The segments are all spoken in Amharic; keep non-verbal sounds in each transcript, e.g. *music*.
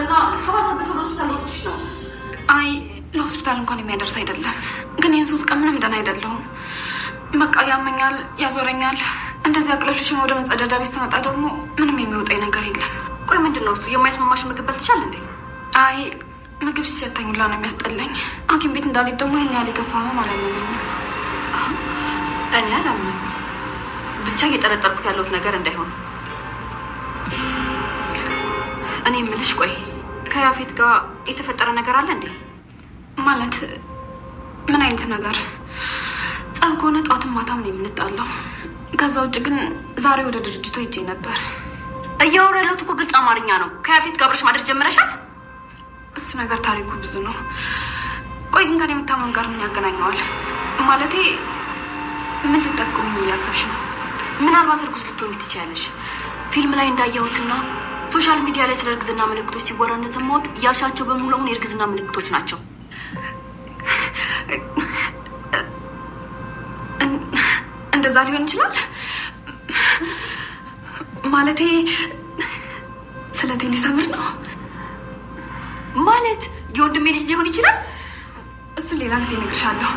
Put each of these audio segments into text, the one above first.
እና ከባሰብሽ ወደ ሆስፒታል ወስድሽ ነው። አይ ለሆስፒታል እንኳን የሚያደርስ አይደለም። ግን ይህን ሶስት ቀን ምንም ደህና አይደለሁም። በቃ ያመኛል፣ ያዞረኛል። እንደዚህ አቅለሽሽ ወደ መጸዳጃ ቤት ስመጣ ደግሞ ምንም የሚወጣኝ ነገር የለም። ቆይ ምንድን ነው እሱ? የማይስማማሽ ምግብ በልተሻል እንዴ? አይ ምግብ ሲሰተኝ ሁላ ነው የሚያስጠላኝ። ሐኪም ቤት እንዳልሄድ ደግሞ ይህን ያህል የከፋ ነው ማለት ነው። እኔ አላምንም። ብቻ እየጠረጠርኩት ያለሁት ነገር እንዳይሆን እኔ የምልሽ ቆይ ከያፌት ጋር የተፈጠረ ነገር አለ እንዴ? ማለት ምን አይነት ነገር? ጸብ ከሆነ ጠዋት ማታም ነው የምንጣለው። ከዛ ውጭ ግን ዛሬ ወደ ድርጅቱ ሄጄ ነበር። እያወራ ያለሁት እኮ ግልጽ አማርኛ ነው። ከያፌት ጋር አብረሽ ማድረግ ጀምረሻል? እሱ ነገር ታሪኩ ብዙ ነው። ቆይ ግን ከኔ የምታመን ጋር ምን ያገናኘዋል? ማለቴ ምን ልጠቁም እያሰብሽ ነው? ምናልባት እርጉዝ ልትሆን ትችያለሽ። ፊልም ላይ እንዳየሁትና ሶሻል ሚዲያ ላይ ስለ እርግዝና ምልክቶች ሲወራ እንደሰማሁት ያልሻቸው በሙሉ አሁን የእርግዝና ምልክቶች ናቸው። እንደዛ ሊሆን ይችላል ማለቴ ስለ ቴሊሰምር ነው ማለት የወንድሜ ልጅ ሊሆን ይችላል። እሱን ሌላ ጊዜ እነግርሻለሁ።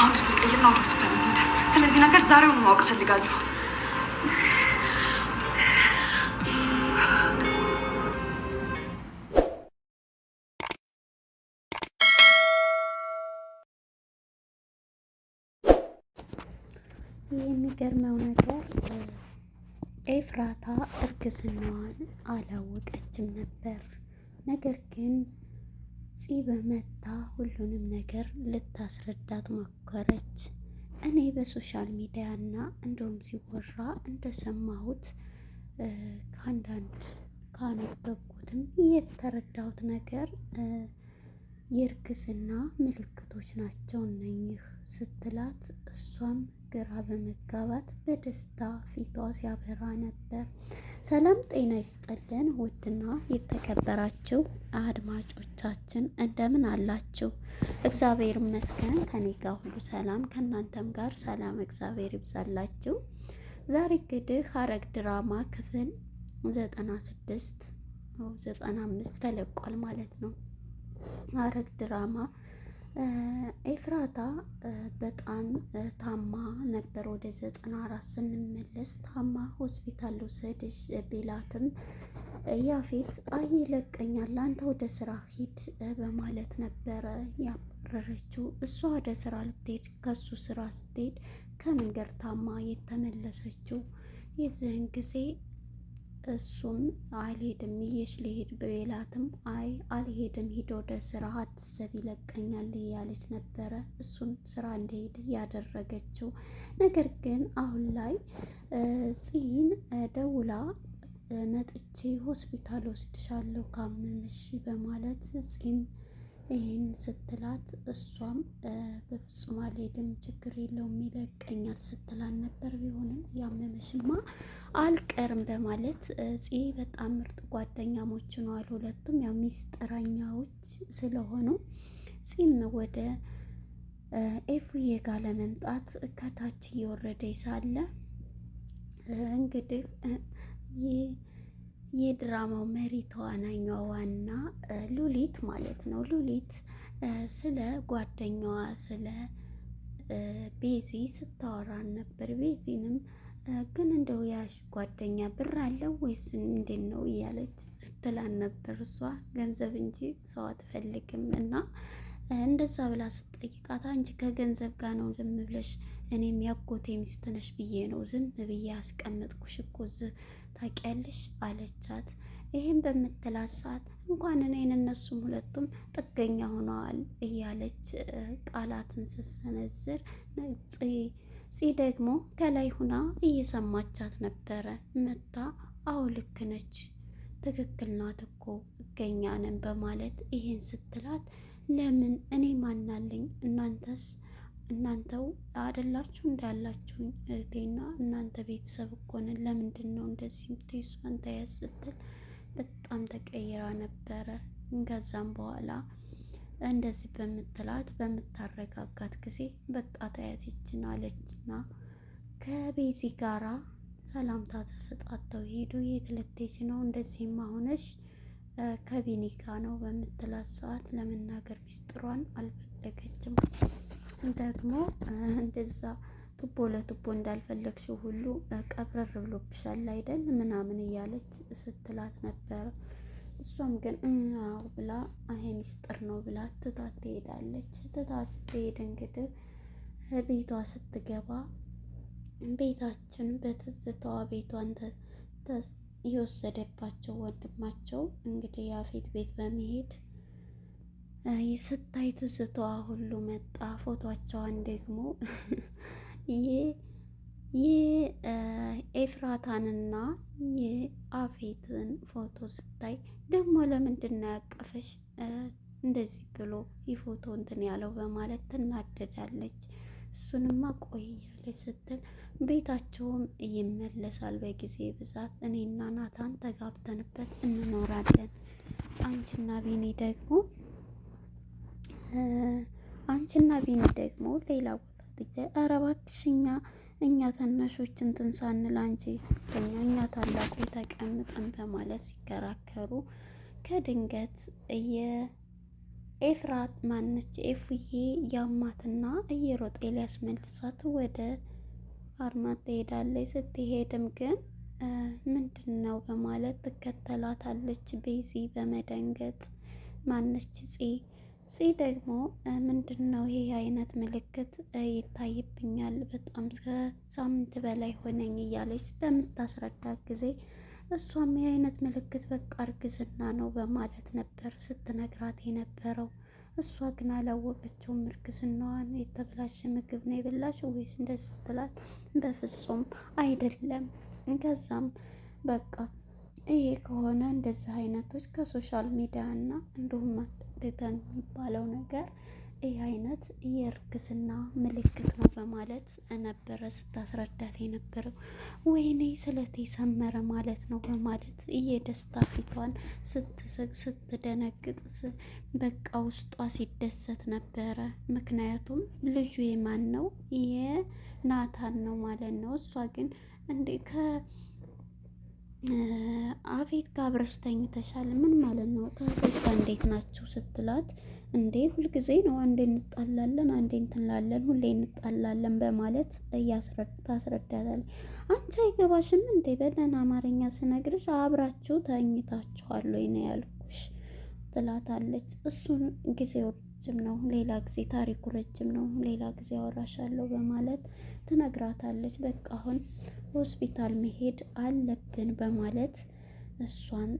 አሁን ልትቀይር ነው ወደ ሆስፒታል ሄደ። ስለዚህ ነገር ዛሬውን ማወቅ እፈልጋለሁ። የሚገርመው ነገር ኤፍራታ እርግዝናዋን አላወቀችም ነበር። ነገር ግን ፂ በመታ ሁሉንም ነገር ልታስረዳት ሞከረች። እኔ በሶሻል ሚዲያ እና እንደውም ሲወራ እንደሰማሁት ከአንዳንድ ካነበብኩትም የተረዳሁት ነገር የእርግዝና ምልክቶች ናቸው እነኚህ ስትላት እሷም ግራ በመጋባት በደስታ ፊቷ ሲያበራ ነበር። ሰላም ጤና ይስጠልን። ውድና የተከበራችሁ አድማጮቻችን እንደምን አላችሁ? እግዚአብሔር ይመስገን ከኔ ጋር ሁሉ ሰላም፣ ከእናንተም ጋር ሰላም እግዚአብሔር ይብዛላችሁ። ዛሬ እንግዲህ ሐረግ ድራማ ክፍል ዘጠና ስድስት ዘጠና አምስት ተለቋል ማለት ነው ሐረግ ድራማ ኤፍራታ በጣም ታማ ነበር። ወደ ዘጠና አራት ስንመለስ ታማ ሆስፒታል ልውሰድሽ ቢላትም ያፌት አይ ይለቀኛል፣ አንተ ወደ ስራ ሂድ በማለት ነበረ ያባረረችው። እሷ ወደ ስራ ልትሄድ ከሱ ስራ ስትሄድ ከመንገድ ታማ የተመለሰችው የዚህን ጊዜ እሱም አልሄድም ይዤሽ ልሄድ ብላትም አይ አልሄድም ሂድ ወደ ስራ አትሰብ ይለቀኛል እያለች ነበረ እሱን ስራ እንደሄድ ያደረገችው። ነገር ግን አሁን ላይ ጽይን ደውላ መጥቼ ሆስፒታል ወስድሻለሁ ካመመሽ በማለት ጽይም ይህን ስትላት እሷም በፍጹም አልሄድም፣ ችግር የለውም ይለቀኛል ስትላት ነበር። ቢሆንም ያመመሽማ አልቀርም በማለት ጽ በጣም ምርጥ ጓደኛሞች ነዋል። ሁለቱም ያው ሚስጥረኛዎች ስለሆኑ ፂም ወደ ኤፉዬ ጋር ለመምጣት ከታች እየወረደ ሳለ እንግዲህ የድራማው መሪ ተዋናኟ ዋና ሉሊት ማለት ነው። ሉሊት ስለ ጓደኛዋ ስለ ቤዚ ስታወራን ነበር። ቤዚንም ግን እንደው ያሽ ጓደኛ ብር አለው ወይስ እንዴት ነው እያለች ስትላን ነበር። እሷ ገንዘብ እንጂ ሰው አትፈልግም እና እንደዛ ብላ ስጠይቃት አንቺ ከገንዘብ ጋር ነው ዝም ብለሽ እኔም ያጎቴ ሚስት ነሽ ብዬ ነው ዝም ብዬ አስቀመጥኩሽ እኮ ታውቂያለሽ አለቻት። ይህም በምትላት ሰዓት እንኳን እኔን እነሱም ሁለቱም ጥገኛ ሆነዋል እያለች ቃላትን ስትሰነዝር ጽ ደግሞ ከላይ ሁና እየሰማቻት ነበረ። መታ አው ልክ ነች፣ ትክክል ናት እኮ ጥገኛ ነን በማለት ይህን ስትላት ለምን እኔ ማናለኝ እናንተስ እናንተው አደላችሁ እንዳላችሁ እህቴና እናንተ ቤተሰብ እኮ ነን። ለምንድን ነው እንደዚህ ምትይ? እሷን ተያዝ ስትል በጣም ተቀይራ ነበረ። ከዛም በኋላ እንደዚህ በምትላት በምታረጋጋት ጊዜ በቃ ተያዝችን አለችና ከቤዚ ጋራ ሰላምታ ተሰጣተው ሄዱ። የት ልትሄጂ ነው? እንደዚህማ ሆነሽ ከቢኒ ጋ ነው በምትላት ሰዓት ለመናገር ሚስጥሯን አልፈለገችም። ደግሞ እንደዛ ቱቦ ለቱቦ እንዳልፈለግሽው ሁሉ ቀብረር ብሎብሻል አይደል ምናምን እያለች ስትላት ነበረ። እሷም ግን እናው ብላ ይሄ ሚስጥር ነው ብላ ትታ ትሄዳለች። ትታ ስትሄድ እንግዲህ ቤቷ ስትገባ ቤታችን በትዝታዋ ቤቷን የወሰደባቸው ወንድማቸው እንግዲህ ያፌት ቤት በመሄድ ስታይ ትዝታዋ ሁሉ መጣ። ፎቶቸዋን ደግሞ የኤፍራታንና *laughs* የአፌትን ፎቶ ስታይ ደግሞ ለምንድን ነው ያቀፈሽ እንደዚህ ብሎ የፎቶ እንትን ያለው በማለት ትናደዳለች። እሱንማ ቆይ እያለች ስትል ቤታቸውም ይመለሳል። በጊዜ ብዛት እኔና ናታን ተጋብተንበት እንኖራለን አንቺና ቢኒ ደግሞ አንቺና ቢኒ ደግሞ ሌላ ቦታ ትጀ ኧረ እባክሽ እኛ እኛ ታናሾች እንትን ሳንል አንቺ ስትኛ እኛ ታላቁ ተቀምጠን በማለት ሲከራከሩ ከድንገት ኤፍራት ማነች ኤፉዬ ያማትና እየሮጠ ሊያስመልሳት ወደ አርማት ትሄዳለች። ስትሄድም ግን ምንድን ነው በማለት ትከተላታለች። ቤዚ በመደንገጥ ማነች ጽ ሲ ደግሞ ምንድን ነው ይህ አይነት ምልክት ይታይብኛል፣ በጣም ከሳምንት በላይ ሆነኝ እያለች በምታስረዳት ጊዜ እሷም ይህ አይነት ምልክት በቃ እርግዝና ነው በማለት ነበር ስትነግራት የነበረው። እሷ ግን አላወቀችውም። እርግዝናዋን የተበላሸ ምግብ ነው የበላሽው ወይስ እንደዚህ ስትላት በፍጹም አይደለም። ከዛም በቃ ይሄ ከሆነ እንደዚህ አይነቶች ከሶሻል ሚዲያ እና እንዲሁም ትተን የሚባለው ነገር ይህ አይነት የእርግዝና ምልክት ነው በማለት ነበረ ስታስረዳት የነበረው። ወይኔ ስለቴ ሰመረ ማለት ነው በማለት የደስታ ፊቷን ስትስቅ ስትደነግጥ፣ በቃ ውስጧ ሲደሰት ነበረ። ምክንያቱም ልጁ የማን ነው? የናታን ነው ማለት ነው። እሷ ግን እንዴ ከ አቤት ጋር አብረሽ ተኝተሻል? ምን ማለት ነው? ከአቤት ጋር እንዴት ናቸው ስትላት፣ እንዴ ሁልጊዜ ነው አንዴ እንጣላለን፣ አንዴ እንትንላለን፣ ሁሌ እንጣላለን በማለት ታስረዳታለች። አንቺ አይገባሽም እንዴ በደን አማርኛ ስነግርሽ አብራችሁ ተኝታችኋል ወይ ነው ያልኩሽ ትላታለች። እሱን ጊዜው ረጅም ነው፣ ሌላ ጊዜ ታሪኩ ረጅም ነው፣ ሌላ ጊዜ አወራሻለሁ በማለት ትነግራታለች። በቃ አሁን ሆስፒታል መሄድ አለብን በማለት እሷን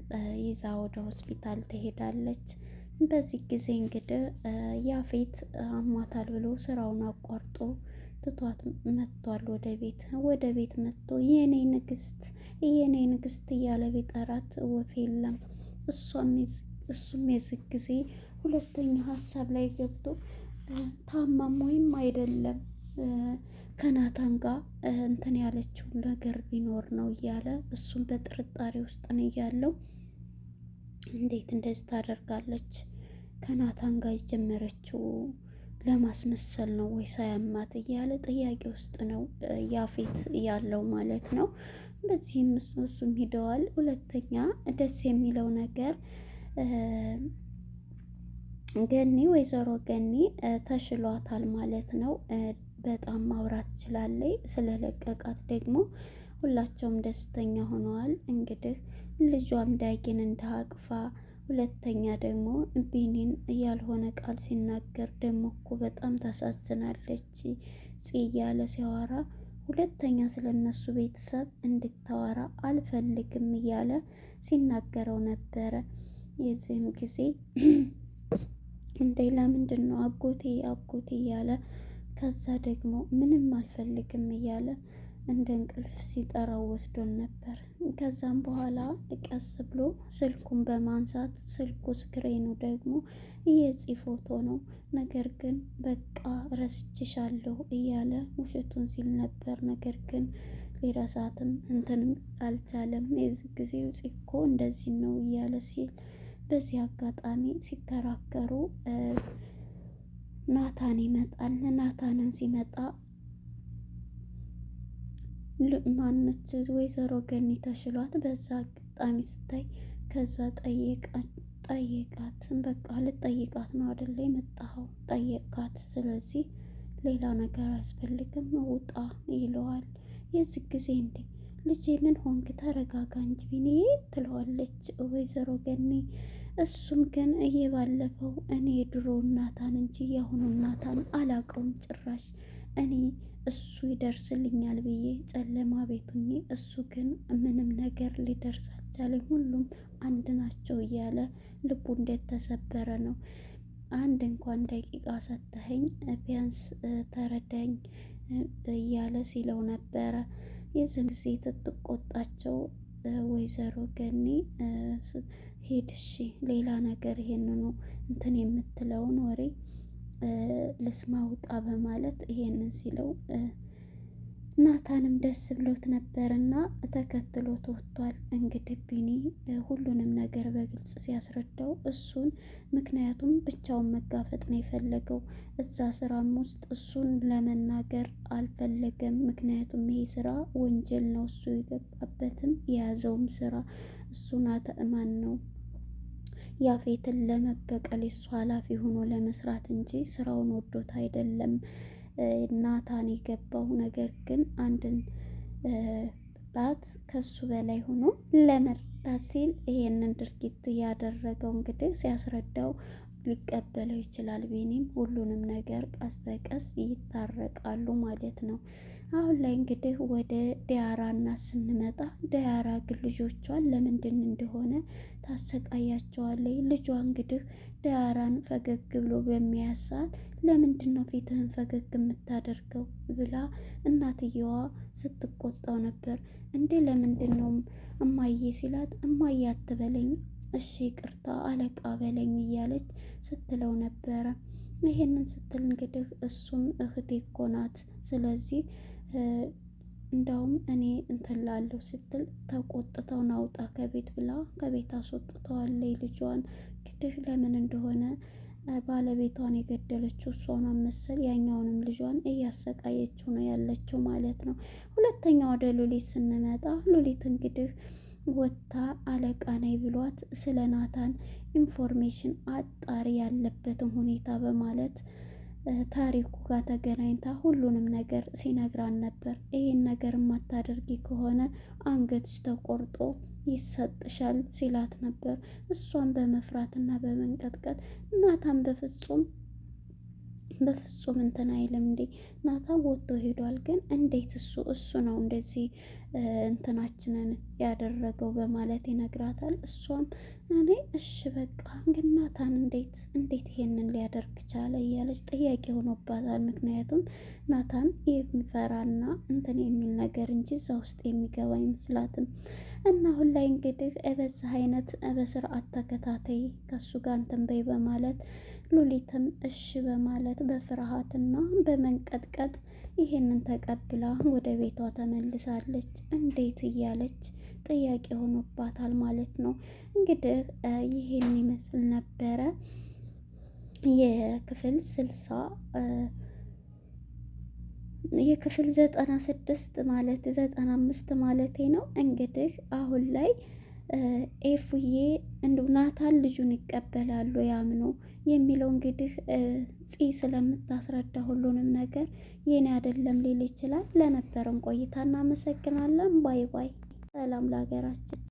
ይዛ ወደ ሆስፒታል ትሄዳለች። በዚህ ጊዜ እንግዲህ ያፌት አማታል ብሎ ስራውን አቋርጦ ትቷት መጥቷል ወደ ቤት። ወደ ቤት መጥቶ የኔ ንግስት የኔ ንግስት እያለ ቢጠራት ወፍ የለም። እሱም የዚህ ጊዜ ሁለተኛ ሀሳብ ላይ ገብቶ ታማም ወይም አይደለም ከናታን ጋር እንትን ያለችው ነገር ቢኖር ነው እያለ እሱም በጥርጣሬ ውስጥ ነው እያለው እንዴት እንደዚህ ታደርጋለች? ከናታን ጋር የጀመረችው ለማስመሰል ነው ወይ ሳያማት እያለ ጥያቄ ውስጥ ነው ያፌት ያለው ማለት ነው። በዚህም እሱም ሂደዋል። ሁለተኛ ደስ የሚለው ነገር ገኒ ወይዘሮ ገኒ ተሽሏታል ማለት ነው። በጣም ማውራት ችላለች። ስለለቀቃት ደግሞ ሁላቸውም ደስተኛ ሆነዋል። እንግዲህ ልጇም ዳጊን እንዳቅፋ ሁለተኛ ደግሞ ቢኒን ያልሆነ ቃል ሲናገር ደግሞ እኮ በጣም ታሳዝናለች እያለ ሲያወራ ሁለተኛ ስለነሱ ቤተሰብ እንድታወራ አልፈልግም እያለ ሲናገረው ነበረ። የዚህም ጊዜ *clears throat* እንዴ ለምንድን ነው አጎቴ አጎቴ እያለ ከዛ ደግሞ ምንም አልፈልግም እያለ እንደ እንቅልፍ ሲጠራው ወስዶን ነበር። ከዛም በኋላ ቀስ ብሎ ስልኩን በማንሳት ስልኩ ስክሪኑ ደግሞ የጽ ፎቶ ነው። ነገር ግን በቃ ረስችሻለሁ እያለ ውሸቱን ሲል ነበር። ነገር ግን ሊረሳትም እንትንም አልቻለም። የዚ ጊዜ ጽኮ እንደዚህ ነው እያለ ሲል በዚህ አጋጣሚ ሲከራከሩ ናታን ይመጣል። ናታንን ሲመጣ ማነች ወይዘሮ ገኒ ተሽሏት በዛ አጋጣሚ ስታይ ከዛ ጠየቃት። በቃ ልጠይቃት ነው አደለ የመጣኸው? ጠየቃት። ስለዚህ ሌላ ነገር አያስፈልግም ውጣ ይለዋል። የዚህ ጊዜ እንዴ ልጄ ምን ሆንክ? ተረጋጋ እንጂ ቢኒ ትለዋለች ወይዘሮ ገኒ እሱም ግን እየባለፈው እኔ የድሮ እናታን እንጂ የአሁኑ እናታን አላቀውም ጭራሽ እኔ እሱ ይደርስልኛል ብዬ ጨለማ ቤቱኝ እሱ ግን ምንም ነገር ሊደርስ አልቻለም። ሁሉም አንድ ናቸው እያለ ልቡ እንዴት ተሰበረ ነው። አንድ እንኳን ደቂቃ ሰተኸኝ ቢያንስ ተረዳኝ እያለ ሲለው ነበረ። የዚህ ጊዜ ትትቆጣቸው ወይዘሮ ገኒ ሂድ እሺ። ሌላ ነገር ይሄንኑ እንትን የምትለውን ወሬ ልስማውጣ በማለት ይሄንን ሲለው ናታንም ደስ ብሎት ነበርና ተከትሎት ወጥቷል። እንግዲህ ቢኒ ሁሉንም ነገር በግልጽ ሲያስረዳው እሱን ምክንያቱም ብቻውን መጋፈጥ ነው የፈለገው። እዛ ስራም ውስጥ እሱን ለመናገር አልፈለገም። ምክንያቱም ይሄ ስራ ወንጀል ነው፣ እሱ የገባበትም የያዘውም ስራ እሱ ናተ ነው ያፌትን ለመበቀል እሱ ኃላፊ ሆኖ ለመስራት እንጂ ስራውን ወዶት አይደለም ናታን የገባው። ነገር ግን አንድን ባት ከሱ በላይ ሆኖ ለመርዳት ሲል ይሄንን ድርጊት ያደረገው እንግዲህ ሲያስረዳው ሊቀበለው ይችላል። ቢኒም ሁሉንም ነገር ቀስ በቀስ ይታረቃሉ ማለት ነው። አሁን ላይ እንግዲህ ወደ ዲያራ እና ስንመጣ ዲያራ ግን ልጆቿን ለምንድን እንደሆነ ታሰቃያቸዋለች። ልጇ እንግዲህ ዲያራን ፈገግ ብሎ በሚያሳት ለምንድን ነው ፊትህን ፈገግ የምታደርገው ብላ እናትየዋ ስትቆጣው ነበር። እንዴ ለምንድን ነው እማዬ ሲላት እማዬ አትበለኝ እሺ ቅርታ አለቃ በለኝ እያለች ስትለው ነበረ። ይሄንን ስትል እንግዲህ እሱም እህቴ እኮ ናት ስለዚህ እንዳውም እኔ እንትላለሁ ስትል ተቆጥተው አውጣ ከቤት ብላ ከቤት አስወጥተዋለች። ልጇን ግድሽ ለምን እንደሆነ ባለቤቷን የገደለችው እሷን መሰል ያኛውንም ልጇን እያሰቃየችው ነው ያለችው ማለት ነው። ሁለተኛ ወደ ሉሊት ስንመጣ ሉሊት እንግዲህ ወጥታ አለቃ ነኝ ብሏት ስለ ናታን ኢንፎርሜሽን አጣሪ ያለበትን ሁኔታ በማለት ታሪኩ ጋር ተገናኝታ ሁሉንም ነገር ሲነግራን ነበር። ይህን ነገር የማታደርጊ ከሆነ አንገትሽ ተቆርጦ ይሰጥሻል ሲላት ነበር። እሷን በመፍራትና በመንቀጥቀጥ እናታን በፍጹም በፍጹም እንትን አይልም እንዴ ናታ ወጥቶ ሄዷል። ግን እንዴት እሱ እሱ ነው እንደዚህ እንትናችንን ያደረገው በማለት ይነግራታል። እሷም እኔ እሺ በቃ ግን ናታን እንዴት እንዴት ይሄንን ሊያደርግ ቻለ እያለች ጥያቄ ሆኖባታል። ምክንያቱም ናታን የሚፈራና እንትን የሚል ነገር እንጂ እዛ ውስጥ የሚገባ አይመስላትም። እና አሁን ላይ እንግዲህ በዚህ አይነት በስርዓት ተከታታይ ከሱ ጋር እንትን በይ በማለት ሉሊትም እሺ በማለት በፍርሃትና በመንቀጥቀጥ ይሄንን ተቀብላ ወደ ቤቷ ተመልሳለች። እንዴት እያለች ጥያቄ ሆኖባታል ማለት ነው። እንግዲህ ይሄን ይመስል ነበረ የክፍል ስልሳ የክፍል ዘጠና ስድስት ማለት ዘጠና አምስት ማለቴ ነው። እንግዲህ አሁን ላይ ኤፉዬ እንደው ናታን ልጁን ይቀበላሉ ያምኖ የሚለው እንግዲህ ፂ ስለምታስረዳ ሁሉንም ነገር የኔ አይደለም ሊል ይችላል። ለነበረን ቆይታ እናመሰግናለን። ባይ ባይ። ሰላም ለሀገራችን።